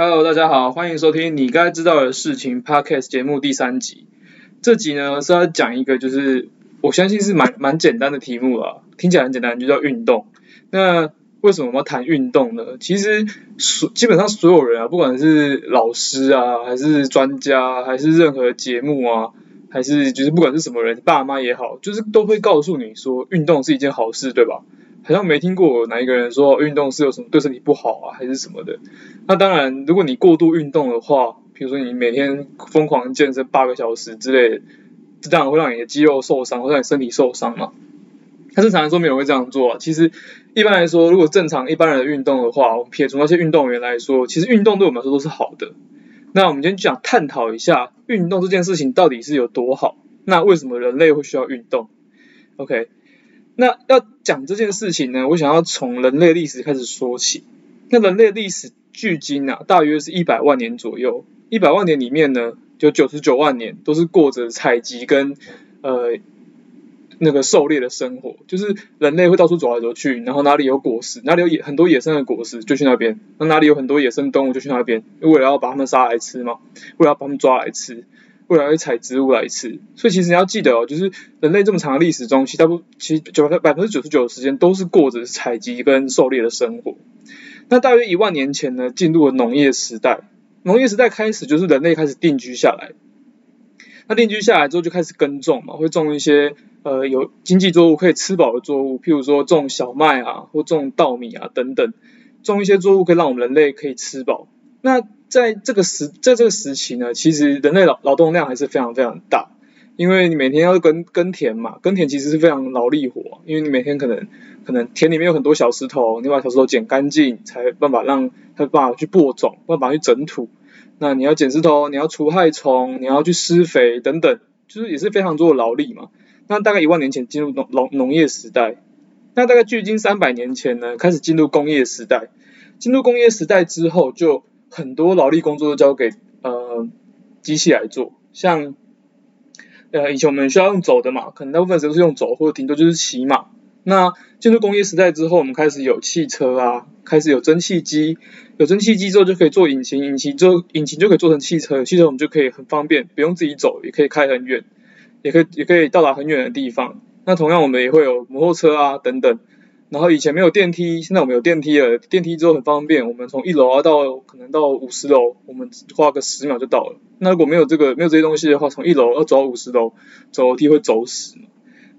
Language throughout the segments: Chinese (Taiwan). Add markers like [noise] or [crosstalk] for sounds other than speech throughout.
Hello，大家好，歡迎收聽你該知道的事情 Podcast 節目第三集。這集呢是要講一個，就是我相信是蠻蠻簡單的題目啦、啊。聽起來很簡單，就叫運動。那為什麼我們要談運動呢？其實所，基本上所有人啊，不管是老師啊，還是專家，還是任何節目啊，還是就是不管是什麼人，爸媽也好，就是都會告訴你說，運動是一件好事，對吧？好像沒聽過哪一個人說運動是有什麼對身體不好啊，還是什麼的。那當然，如果你過度運動的話，比如說你每天瘋狂健身八個小時之類的，這當然會讓你的肌肉受傷，會讓你身體受傷嘛。他正常來說沒有會這樣做啊。其實一般來說，如果正常一般人運動的話，我們撇除那些運動員來說，其實運動對我們來說都是好的。那我們今天就想探討一下運動這件事情到底是有多好。那為什麼人類會需要運動？OK。那要講這件事情呢，我想要從人類歷史開始說起。那人類歷史距今啊，大約是一百萬年左右。一百萬年裡面呢，有九十九萬年都是過着採集跟呃那個狩獵的生活，就是人類會到處走來走去，然後哪裡有果實，哪裡有野很多野生的果實就去那邊，那哪裡有很多野生動物就去那邊，為了要把他們殺來吃嘛，為了要把他們抓來吃。未來會採植物來吃，所以其實你要記得哦，就是人類這麼長的歷史中，其實大部，其實九百分之九十九的時間都是過着採集跟狩獵的生活。那大約一萬年前呢，進入了農業時代。農業時代開始就是人類開始定居下來。那定居下來之後，就開始耕種嘛，會種一些呃有經濟作物可以吃飽的作物，譬如說種小麥啊，或種稻米啊等等，種一些作物可以讓我們人類可以吃飽。那在這個時在這個時期呢，其實人類勞勞動量還是非常非常大，因為你每天要耕耕田嘛，耕田其實是非常勞力活，因為你每天可能可能田裡面有很多小石頭，你把小石頭撿乾淨才辦法讓它辦法去播種，辦法去整土。那你要撿石頭，你要除害蟲，你要去施肥等等，就是也是非常多的勞力嘛。那大概一萬年前進入農農農業時代，那大概距今三百年前呢，開始進入工業時代。進入工業時代之後就。很多勞力工作都交給呃機器來做，像呃以前我們需要用走的嘛，可能大部分時候都是用走，或者頂多就是騎馬。那進入工業時代之後，我們開始有汽車啊，開始有蒸汽機，有蒸汽機之後就可以做引擎，引擎就引擎就可以做成汽車，汽車我們就可以很方便，不用自己走，也可以開很遠，也可以也可以到達很遠的地方。那同樣我們也會有摩托車啊等等。然後以前沒有電梯，現在我們有電梯了。電梯之後很方便，我們從一樓啊到可能到五十樓，我們只花個十秒就到了。那如果沒有這個，沒有這些東西的話，從一樓要走到五十樓，走樓梯會走死。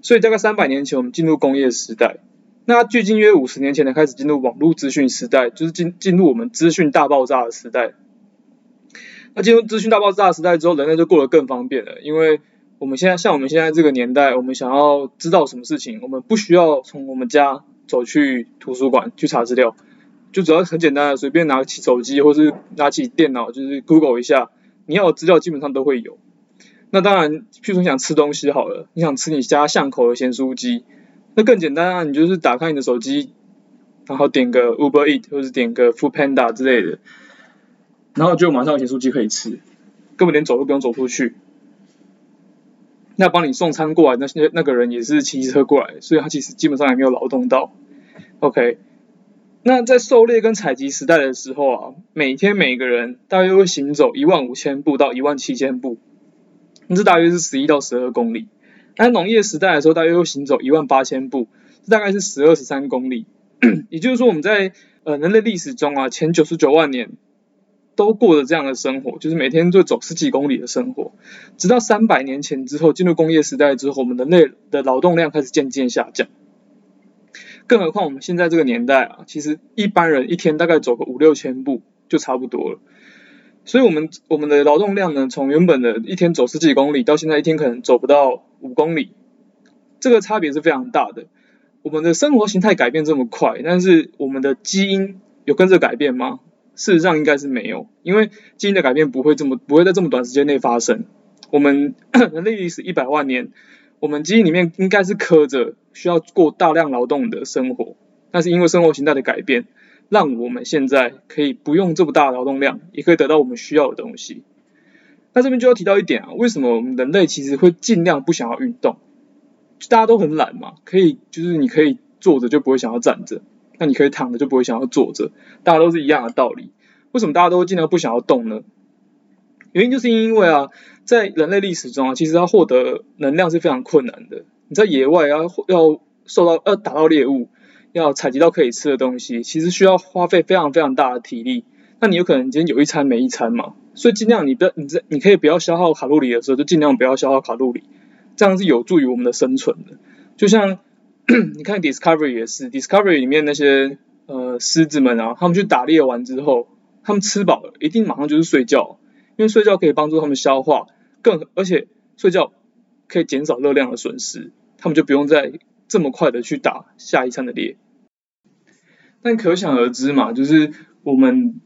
所以大概三百年前我們進入工業時代，那距今約五十年前呢，開始進入網絡資訊時代，就是進進入我們資訊大爆炸的時代。那進入資訊大爆炸的時代之後，人類就過得更方便了，因為我們現在像我們現在這個年代，我們想要知道什麼事情，我們不需要從我們家。走去圖書館去查資料，就只要很簡單的，隨便拿起手機或是拿起電腦，就是 Google 一下，你要的資料基本上都會有。那當然，譬如說你想吃東西好了，你想吃你家巷口的鹹酥雞，那更簡單啊，你就是打開你的手機，然後點個 Uber Eat 或是點個 Food Panda 之類的，然後就馬上有鹹酥雞可以吃，根本連走路都不用走出去。那幫你送餐過來，那那那個人也是騎車過來，所以他其實基本上也沒有勞動到。OK，那在狩獵跟採集時代的時候啊，每天每個人大約會行走一萬五千步到一萬七千步，這大約是十一到十二公里。那農業時代的時候，大約會行走一萬八千步，這大概是十二、十三公里。 [coughs] 也就是說，我們在呃人類歷史中啊，前九十九萬年。都過着這樣的生活，就是每天就走十幾公里的生活，直到三百年前之後，進入工業時代之後，我們人類的勞動量開始漸漸下降。更何況我們現在這個年代啊，其實一般人一天大概走個五六千步就差不多了。所以，我們我們的勞動量呢，從原本的一天走十幾公里，到現在一天可能走不到五公里，這個差別是非常大的。我們的生活形態改變這麼快，但是我們的基因有跟着改變嗎？事實上應該是沒有，因為基因的改變不會這麼，不會在這麼短時間內發生。我們人類歷史一百萬年，我們基因裡面應該是刻着需要過大量勞動的生活。但是因為生活形態的改變，讓我們現在可以不用這麼大的勞動量，也可以得到我們需要的東西。那這邊就要提到一點啊，為什麼我們人類其實會盡量不想要運動？大家都很懶嘛，可以，就是你可以坐着就不會想要站着。那你可以躺着，就不會想要坐着。大家都是一樣的道理。為什麼大家都盡量不想要動呢？原因就是因為啊，在人類歷史中啊，其實要獲得能量是非常困難的。你在野外啊，要受到要打到獵物，要採集到可以吃的東西，其實需要花費非常非常大的體力。那你有可能今天有一餐沒一餐嘛。所以盡量你不要你在你可以不要消耗卡路里的時候，就盡量不要消耗卡路里，這樣是有助於我們的生存的。就像。 [coughs] 你看 Discovery 也是，Discovery 裡面那些呃獅子們啊，他們去打獵完之後，他們吃飽了，一定馬上就是睡覺，因為睡覺可以幫助他們消化，更而且睡覺可以減少熱量的損失，他們就不用再這麼快的去打下一餐的獵。但可想而知嘛，就是我們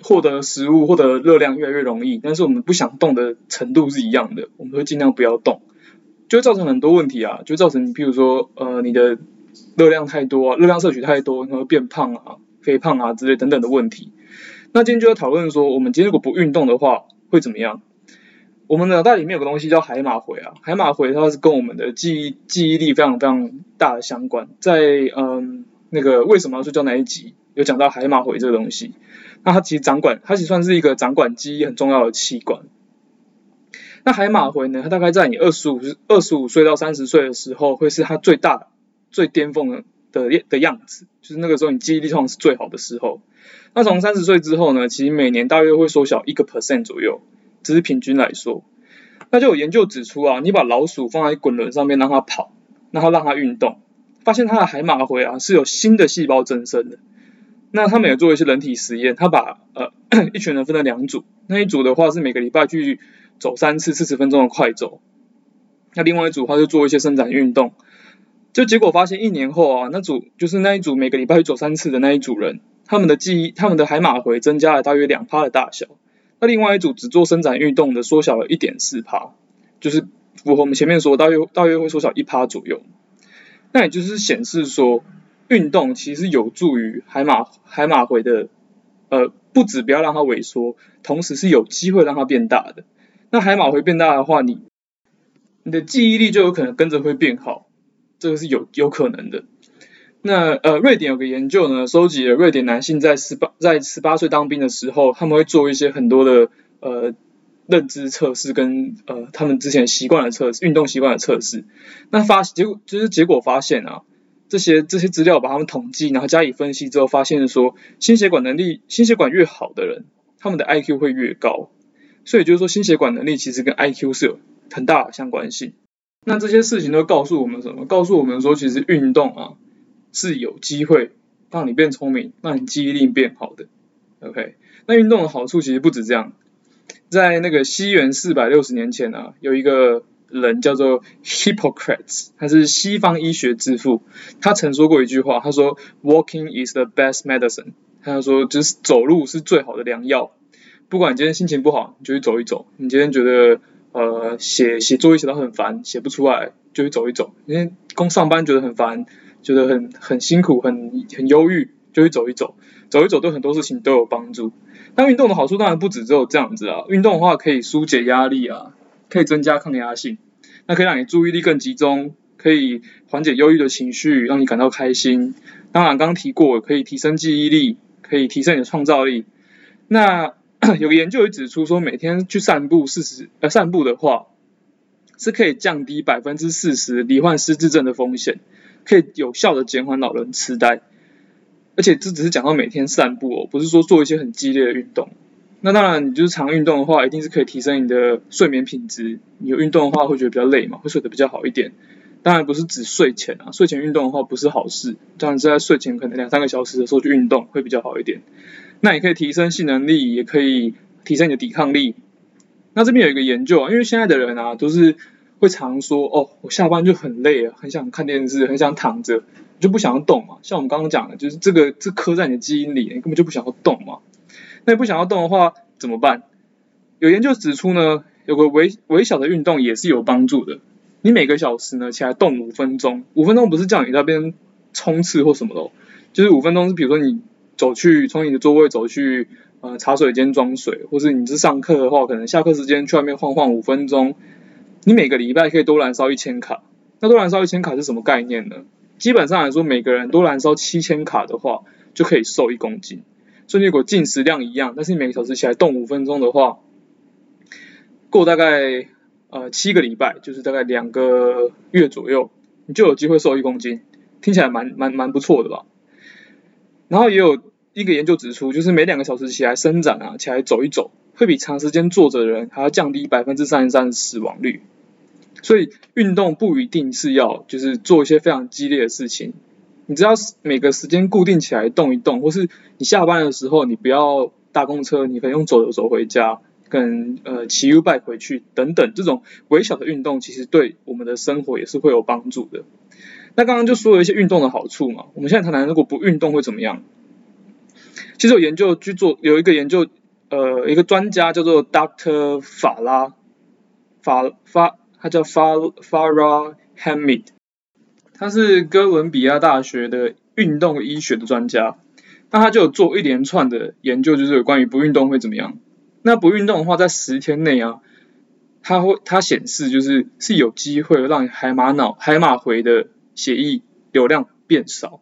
獲得食物、獲得熱量越來越容易，但是我們不想動的程度是一樣的，我們會儘量不要動。就造成很多問題啊，就造成你比如說，呃，你的熱量太多，啊，熱量攝取太多，然後變胖啊、肥胖啊之類等等的問題。那今天就要討論說，我們今天如果不運動的話會怎麼樣？我們的腦袋裡面有個東西叫海馬迴啊，海馬迴它是跟我們的記憶、記憶力非常非常大的相關。在嗯那個為什麼要去教那一集，有講到海馬迴這個東西，那它其實掌管，它其實算是一個掌管記憶很重要的器官。那海馬回呢？它大概在你二十五、二十五歲到三十歲的時候，會是它最大、最巔峰的的，的樣子，就是那個時候你記憶力狀況是最好的時候。那從三十歲之後呢，其實每年大約會縮小一個 percent 左右，只是平均來說。那就有研究指出啊，你把老鼠放在滾輪上面讓它跑，然後讓它運動，發現它的海馬回啊是有新的細胞增生的。那他們也有做一些人體實驗，他把呃一群人分了兩組，那一組的話是每個禮拜去。走三次四十分鐘的快走，那另外一組他就做一些伸展運動，就結果發現一年後啊，那組就是那一組每個禮拜走三次的那一組人，他們的記憶、他們的海馬回增加了大約兩趴的大小。那另外一組只做伸展運動的，縮小了一點四趴，就是符合我們前面說大約大約會縮小一趴左右。那也就是顯示說，運動其實有助於海馬海馬回的，呃，不只不要讓它萎縮，同時是有機會讓它變大的。那海馬會變大的話，你你的記憶力就有可能跟着會變好，這個是有有可能的。那呃，瑞典有個研究呢，收集了瑞典男性在十八在十八歲當兵的時候，他們會做一些很多的呃認知測試跟呃他們之前習慣的測試運動習慣的測試。那發結果就是結果發現啊，這些這些資料把他們統計，然後加以分析之後，發現說，心血管能力心血管越好的人，他們的 IQ 會越高。所以就是說，心血管能力其實跟 IQ 是有很大的相關性。那這些事情都告訴我們什麼？告訴我們說，其實運動啊，是有機會讓你變聰明，讓你記憶力變好的。OK，那運動的好處其實不止這樣。在那個西元四百六十年前呢，啊，有一個人叫做 Hippocrates，他是西方醫學之父，他曾說過一句話，他說：“Walking is the best medicine。”他說就是走路是最好的良藥。不管你今天心情不好，你就去走一走。你今天覺得呃寫寫作業寫到很煩，寫不出來，就去走一走。今天剛上班覺得很煩，覺得很很辛苦，很很憂鬱，就去走一走。走一走對很多事情都有幫助。那運動的好處當然不止只有這樣子啊。運動的話可以疏解壓力啊，可以增加抗壓性，那可以讓你注意力更集中，可以緩解憂鬱的情緒，讓你感到開心。當然剛提過，可以提升記憶力，可以提升你的創造力。那有研究也指出，說每天去散步四十呃散步的話，是可以降低百分之四十罹患失智症的風險，可以有效的減緩老人痴呆。而且這只是講到每天散步哦，不是說做一些很激烈的運動。那當然，你就是常運動的話，一定是可以提升你的睡眠品質。你有運動的話，會覺得比較累嘛，會睡得比較好一點。當然不是指睡前啊，睡前運動的話不是好事。當然是在睡前可能兩三個小時的時候去運動會比較好一點。那你可以提升性能力，也可以提升你的抵抗力。那這邊有一個研究啊，因為現在的人啊都是會常說哦，我下班就很累啊，很想看電視，很想躺着，你就不想要動嘛。像我們剛剛講的，就是這個這刻在你的基因裡，你根本就不想要動嘛。那你不想要動的話怎麼辦？有研究指出呢，有個微微小的運動也是有幫助的。你每個小時呢起來動五分鐘，五分鐘不是叫你那邊衝刺或什麼的，就是五分鐘是比如說你走去從你的座位走去呃茶水間裝水，或是你是上課的話，可能下課時間去外面晃晃五分鐘。你每個禮拜可以多燃燒一千卡，那多燃燒一千卡是什麼概念呢？基本上來說，每個人多燃燒七千卡的話，就可以瘦一公斤。所以如果進食量一樣，但是你每個小時起來動五分鐘的話，夠大概。呃，七個禮拜就是大概兩個月左右，你就有機會瘦一公斤，聽起來蠻蠻蠻不錯的吧。然後也有一個研究指出，就是每兩個小時起來伸展啊，起來走一走，會比長時間坐着的人還要降低百分之三十三死亡率。所以運動不一定是要就是做一些非常激烈的事情，你只要每個時間固定起來動一動，或是你下班的時候你不要搭公車，你可以用走着走回家。跟呃騎 U 拜回去等等，這種微小的運動其實對我們的生活也是會有幫助的。那剛剛就說了一些運動的好處嘛，我們現在談談如果不運動會怎麼樣。其實有研究去做，有一個研究呃一個專家叫做 Dr 法拉法法，他叫 Far Farah Hamid，他是哥倫比亞大學的運動醫學的專家。那他就有做一連串的研究，就是有關於不運動會怎麼樣。那不運動的話，在十天內啊，它會它顯示就是是有機會讓你海馬腦海馬回的血液流量變少。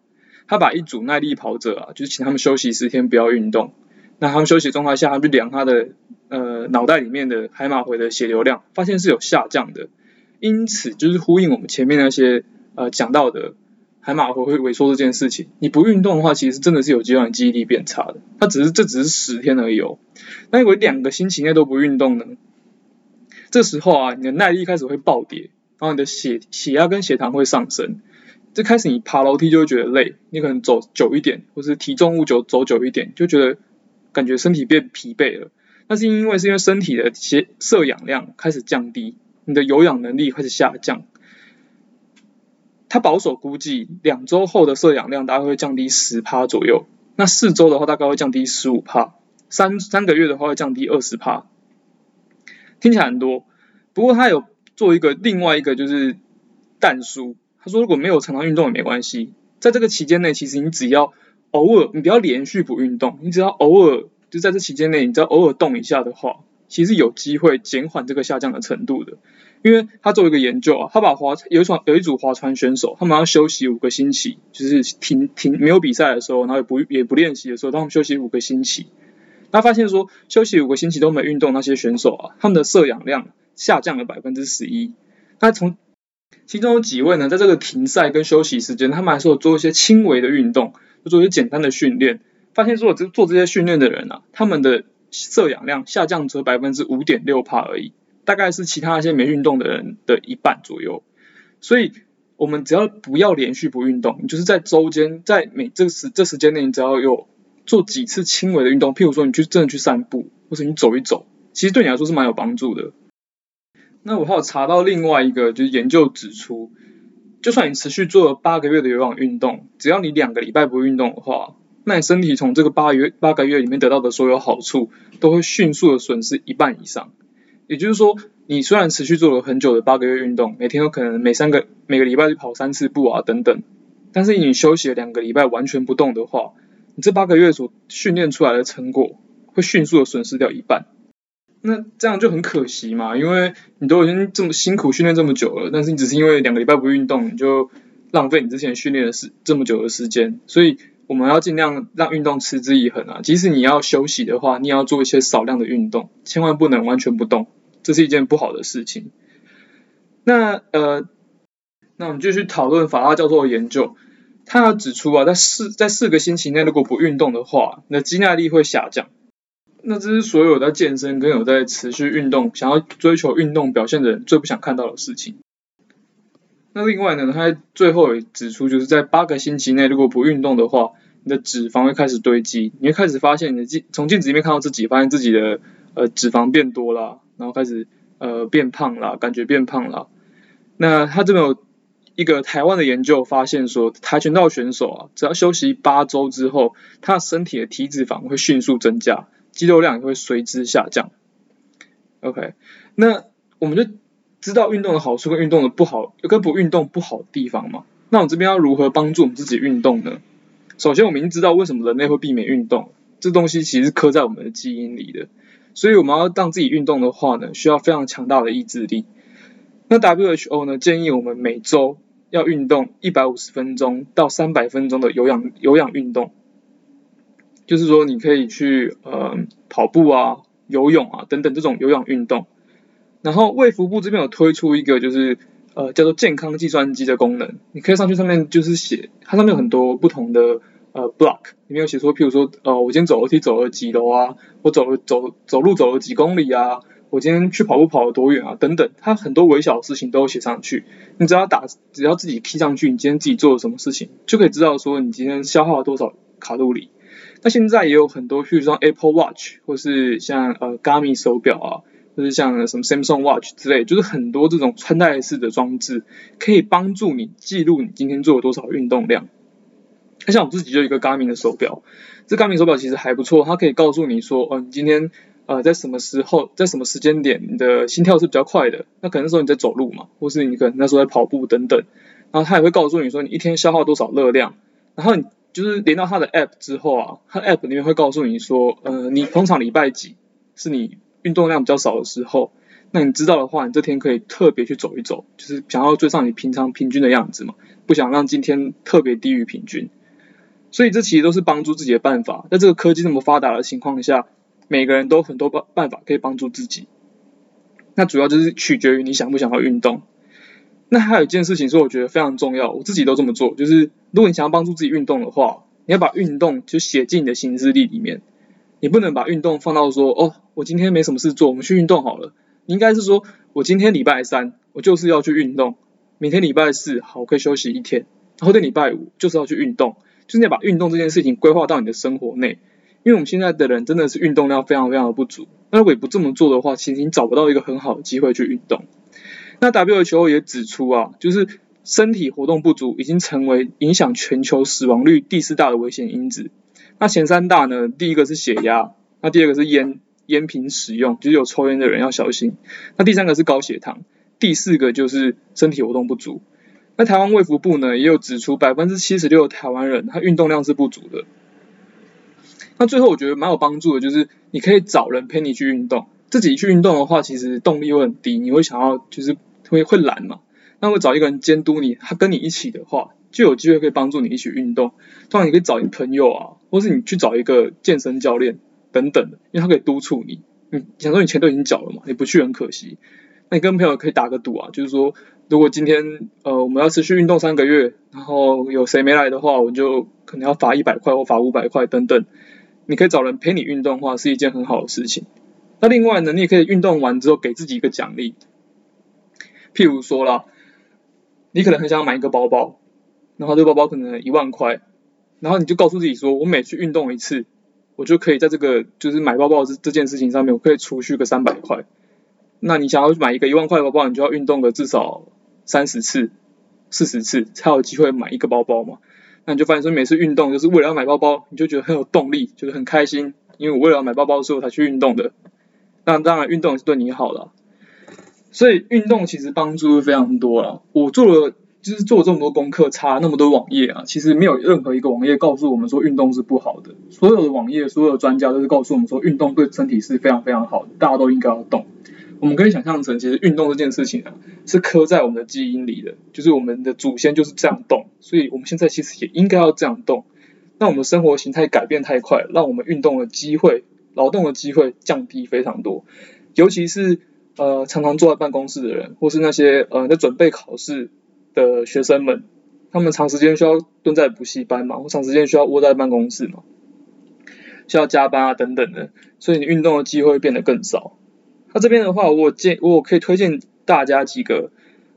他把一組耐力跑者啊，就是請他們休息十天不要運動，那他們休息狀態下，他就量他的呃腦袋裡面的海馬回的血流量，發現是有下降的。因此就是呼應我們前面那些呃講到的。海馬回會萎縮這件事情，你不運動的話，其實真的是有階段記憶力變差的。它只是這只是十天而已哦。那如果兩個星期內都不運動呢，這時候啊，你的耐力開始會暴跌，然後你的血血壓跟血糖會上升。最開始你爬樓梯就會覺得累，你可能走久一點，或是提重物久走久一點，就覺得感覺身體變疲憊了。那是因為是因為身體的血攝氧量開始降低，你的有氧能力開始下降。他保守估計，兩周後的攝氧量大概會降低十趴左右。那四周的話，大概會降低十五趴。三三個月的話，會降低二十趴。聽起來很多，不過他有做一個另外一個就是但書，他說，如果沒有常常運動也沒關係，在這個期間內，其實你只要偶爾，你不要連續不運動，你只要偶爾就在這期間內，你只要偶爾動一下的話，其實有機會減緩這個下降的程度的。因為他做一個研究啊，他把劃有一場有一組划船選手，他們要休息五個星期，就是停停沒有比賽的時候，然後也不也不練習的時候，他們休息五個星期。他發現說，休息五個星期都沒運動那些選手啊，他們的攝氧量下降了百分之十一。那從其中有幾位呢，在這個停賽跟休息時間，他們還是有做一些輕微的運動，就做一些簡單的訓練。發現說只做這些訓練的人啊，他們的攝氧量下降只有百分之五點六帕而已。大概是其他那些沒運動的人的一半左右，所以我們只要不要連續不運動，你就是在周間在每這時這時間內，你只要有做幾次輕微的運動，譬如說你去真的去散步，或者你走一走，其實對你來說是蠻有幫助的。那我還有查到另外一個就是研究指出，就算你持續做了八個月的有氧運動，只要你兩個禮拜不運動的話，那你身體從這個八月八個月裡面得到的所有好處，都會迅速的損失一半以上。也就是說，你雖然持續做了很久的八個月運動，每天都可能每三個每個禮拜就跑三次步啊等等，但是你休息了兩個禮拜完全不動的話，你這八個月所訓練出來的成果會迅速的損失掉一半。那這樣就很可惜嘛，因為你都已經這麼辛苦訓練這麼久了，但是你只是因為兩個禮拜不運動，你就浪費你之前訓練的時這麼久的時間。所以我們要盡量讓運動持之以恆啊，即使你要休息的話，你也要做一些少量的運動，千萬不能完全不動。這是一件不好的事情。那呃，那我們就去討論法拉教授的研究。他指出啊，在四在四個星期內如果不運動的話，那肌耐力會下降。那這是所有在健身跟有在持續運動想要追求運動表現的人最不想看到的事情。那另外呢，他最後也指出，就是在八個星期內如果不運動的話，你的脂肪會開始堆積，你會開始發現你的從鏡子裡面看到自己，發現自己的呃脂肪變多了啊。然後開始呃變胖啦，感覺變胖啦。那他這邊有一個台灣的研究發現說，跆拳道選手啊，只要休息八周之後，他身體的體脂肪會迅速增加，肌肉量也會隨之下降。OK，那我們就知道運動的好處跟運動的不好，跟不運動不好的地方嘛。那我們這邊要如何幫助我們自己運動呢？首先，我們已經知道為什麼人類會避免運動，這東西其實刻在我們的基因裡的。所以我們要讓自己運動的話呢，需要非常強大的意志力。那 WHO 呢，建議我們每周要運動一百五十分鐘到三百分鐘的有氧有氧運動，就是說你可以去嗯、呃、跑步啊、游泳啊、等等這種有氧運動。然後衛福部這邊有推出一個就是呃叫做健康計算機的功能，你可以上去上面就是寫它，上面有很多不同的。呃，uh，block 裡面有寫說，譬如說，呃，我今天走樓梯走了幾樓啊，我走了走走路走了幾公里啊，我今天去跑步跑了多遠啊，等等，它很多微小的事情都寫上去。你只要打，只要自己 key 上去，你今天自己做了什麼事情，就可以知道說你今天消耗了多少卡路里。那現在也有很多，譬如說 Apple Watch 或是像呃 Garmin 手錶啊，或、就是像什麼 Samsung Watch 之類，就是很多這種穿戴式的裝置，可以幫助你記錄你今天做了多少運動量。像我自己就有一個 Garmin 的手錶，這 Garmin 手錶其實還不錯，它可以告訴你說，哦、呃，你今天呃在什麼時候，在什麼時間點，你的心跳是比較快的。那可能那時候你在走路嘛，或是你可能那時候在跑步等等。然後它也會告訴你說，你一天消耗多少熱量。然後你就是連到它的 App 之後啊，它 App 裡面會告訴你說，呃，你通常禮拜幾是你運動量比較少的時候，那你知道的話，你這天可以特別去走一走，就是想要追上你平常平均的樣子嘛，不想讓今天特別低於平均。所以這其實都是幫助自己的辦法。在這個科技這麼發達的情況下，每個人都很多辦辦法可以幫助自己。那主要就是取決於你想不想要運動。那還有一件事情，是我覺得非常重要，我自己都這麼做，就是如果你想要幫助自己運動的話，你要把運動就寫進你的行事曆裡面。你不能把運動放到說，哦，我今天沒什麼事做，我們去運動好了。你應該是說，我今天禮拜三，我就是要去運動。明天禮拜四，好，我可以休息一天。後天禮拜五，就是要去運動。就是要把運動這件事情規劃到你的生活內，因為我們現在的人真的是運動量非常非常的不足。那如果你不這麼做的話，其實你找不到一個很好的機會去運動。那 WHO 也指出啊，就是身體活動不足已經成為影響全球死亡率第四大的危險因子。那前三大呢，第一個是血壓，那第二個是菸，菸品使用，就是有抽菸的人要小心。那第三個是高血糖，第四個就是身體活動不足。那台灣衛福部呢也有指出76，百分之七十六的台灣人他運動量是不足的。那最後我覺得蠻有幫助的，就是你可以找人陪你去運動。自己去運動的話，其實動力會很低，你會想要就是會會懶嘛。那我找一個人監督你，他跟你一起的話，就有機會可以幫助你一起運動。當然你可以找你朋友啊，或是你去找一個健身教練等等的，因為他可以督促你。你想說你錢都已經繳了嘛，你不去很可惜。那你跟朋友可以打個賭啊，就是說，如果今天呃我們要持續運動三個月，然後有誰沒來的話，我就可能要罰一百塊或罰五百塊等等。你可以找人陪你運動的話，是一件很好的事情。那另外呢，你也可以運動完之後給自己一個獎勵，譬如說啦，你可能很想買一個包包，然後這個包包可能一萬塊，然後你就告訴自己說，我每去運動一次，我就可以在這個就是買包包這這件事情上面，我可以儲蓄個三百塊。那你想要去買一個一萬塊的包包，你就要運動個至少三十次、四十次才有機會買一個包包嘛？那你就發現說，每次運動就是為了要買包包，你就覺得很有動力，就是很開心，因為我為了要買包包的時候才去運動的。那當然，運動也是對你好了啊，所以運動其實幫助是非常多了啊。我做了就是做這麼多功課，查那麼多網頁啊，其實沒有任何一個網頁告訴我們說運動是不好的，所有的網頁、所有的專家都是告訴我們說運動對身體是非常非常好的，大家都應該要動。我們可以想象成，其實運動這件事情啊，是刻在我們的基因裡的，就是我們的祖先就是這樣動，所以我們現在其實也應該要這樣動。那我們的生活形態改變太快，讓我們運動的機會、勞動的機會降低非常多。尤其是呃常常坐在辦公室的人，或是那些呃在準備考試的學生們，他們長時間需要蹲在補習班嘛，或長時間需要窩在辦公室嘛，需要加班啊等等的，所以你運動的機會變得更少。這邊的話，我建我可以推薦大家幾個，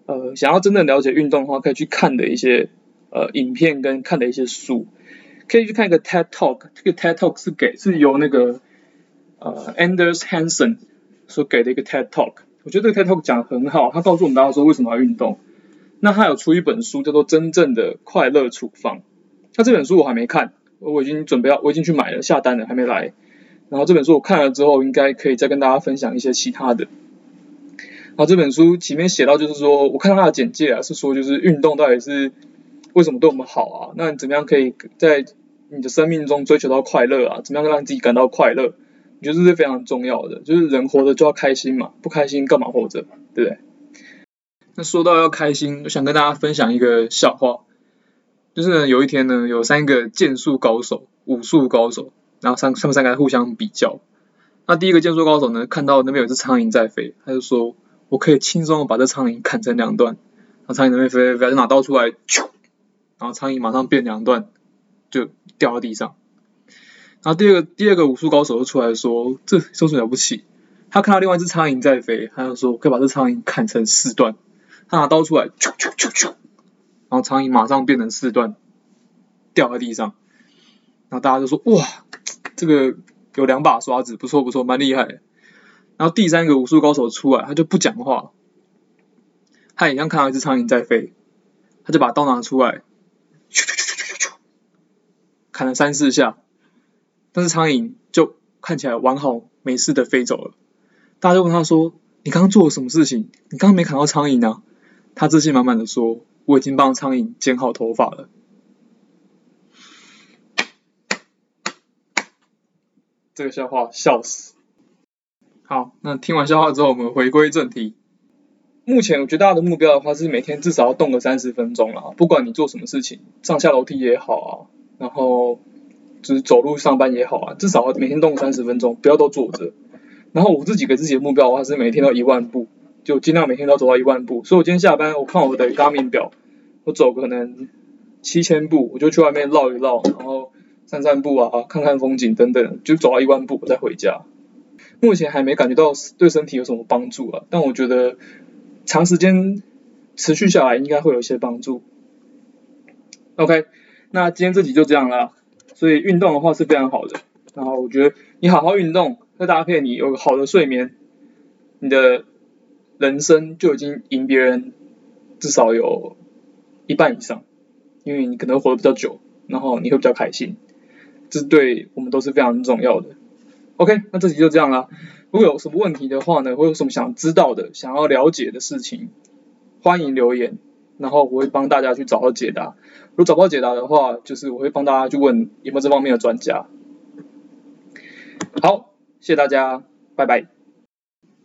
呃，想要真正了解運動的話，可以去看的一些呃影片跟看的一些書，可以去看一個 TED Talk，這個 TED Talk 是給是由那個呃 Anders Hansen 所給的一個 TED Talk，我覺得這個 TED Talk 講得很好，他告訴我們大家說為什麼要運動。那他有出一本書叫做《真正的快樂處方》，他這本書我還沒看，我已經準備要，我已經去買了，下單了，還沒來。然後這本書我看了之後，應該可以再跟大家分享一些其他的。然後這本書前面寫到，就是說我看到它的簡介啊，是說就是運動到底是為什麼對我們好啊？那你怎麼樣可以在你的生命中追求到快樂啊？怎麼樣讓自己感到快樂？我覺得這是非常重要的，就是人活着就要開心嘛，不開心幹嘛活着？對不對？那說到要開心，我想跟大家分享一個笑話，就是有一天呢，有三個劍術高手、武術高手。然後三他們三個，三個互相比較。那第一個劍術高手呢，看到那邊有一隻蒼蠅在飛，他就說，我可以輕鬆地把這蒼蠅砍成兩段。然後蒼蠅那邊飛飛飛，就拿刀出來咻，然後蒼蠅馬上變兩段，就掉到地上。然後第二個第二個武術高手就出來說，這真是了不起。他看到另外一隻蒼蠅在飛，他就說，我可以把這蒼蠅砍成四段。他拿刀出來咻咻咻咻，然後蒼蠅馬上變成四段，掉在地上。然後大家就說：“哇，這個有兩把刷子，不錯不錯，蠻厲害的。”然後第三個武術高手出來，他就不講話。他也像看到一隻蒼蠅在飛，他就把刀拿出來，咻咻咻咻咻，砍了三四下，但是蒼蠅就看起來完好沒事的飛走了。大家就問他說：“你剛剛做了什麼事情？你剛剛沒砍到蒼蠅啊？”他自信滿滿的說：“我已經幫蒼蠅剪好頭髮了。”這個笑話笑死。好，那聽完笑話之後，我們回歸正題。目前我覺得大家的目標的話是每天至少要動個三十分鐘啦，不管你做什麼事情，上下樓梯也好啊，然後就是走路上班也好啊，至少每天動個三十分鐘，不要都坐着。然後我自己給自己的目標的話是每天都一萬步，就盡量每天都走到一萬步。所以我今天下班，我看我的 Garmin 錶，我走可能七千步，我就去外面繞一繞，然後。散散步啊，看看風景等等，就走了一萬步，我再回家。目前還沒感覺到對身體有什麼幫助啊，但我覺得長時間持續下來應該會有一些幫助。OK，那今天這集就這樣了。所以運動的話是非常好的，然後我覺得你好好運動，再搭配你有個好的睡眠，你的人生就已經贏別人至少有一半以上，因為你可能活得比較久，然後你會比較開心。這對我們都是非常重要的。OK，那這集就這樣啦。如果有什麼問題的話呢，或者有什麼想知道的、想要了解的事情，歡迎留言，然後我會幫大家去找到解答。如果找不到解答的話，就是我會幫大家去問有沒有這方面的專家。好，謝謝大家，拜拜。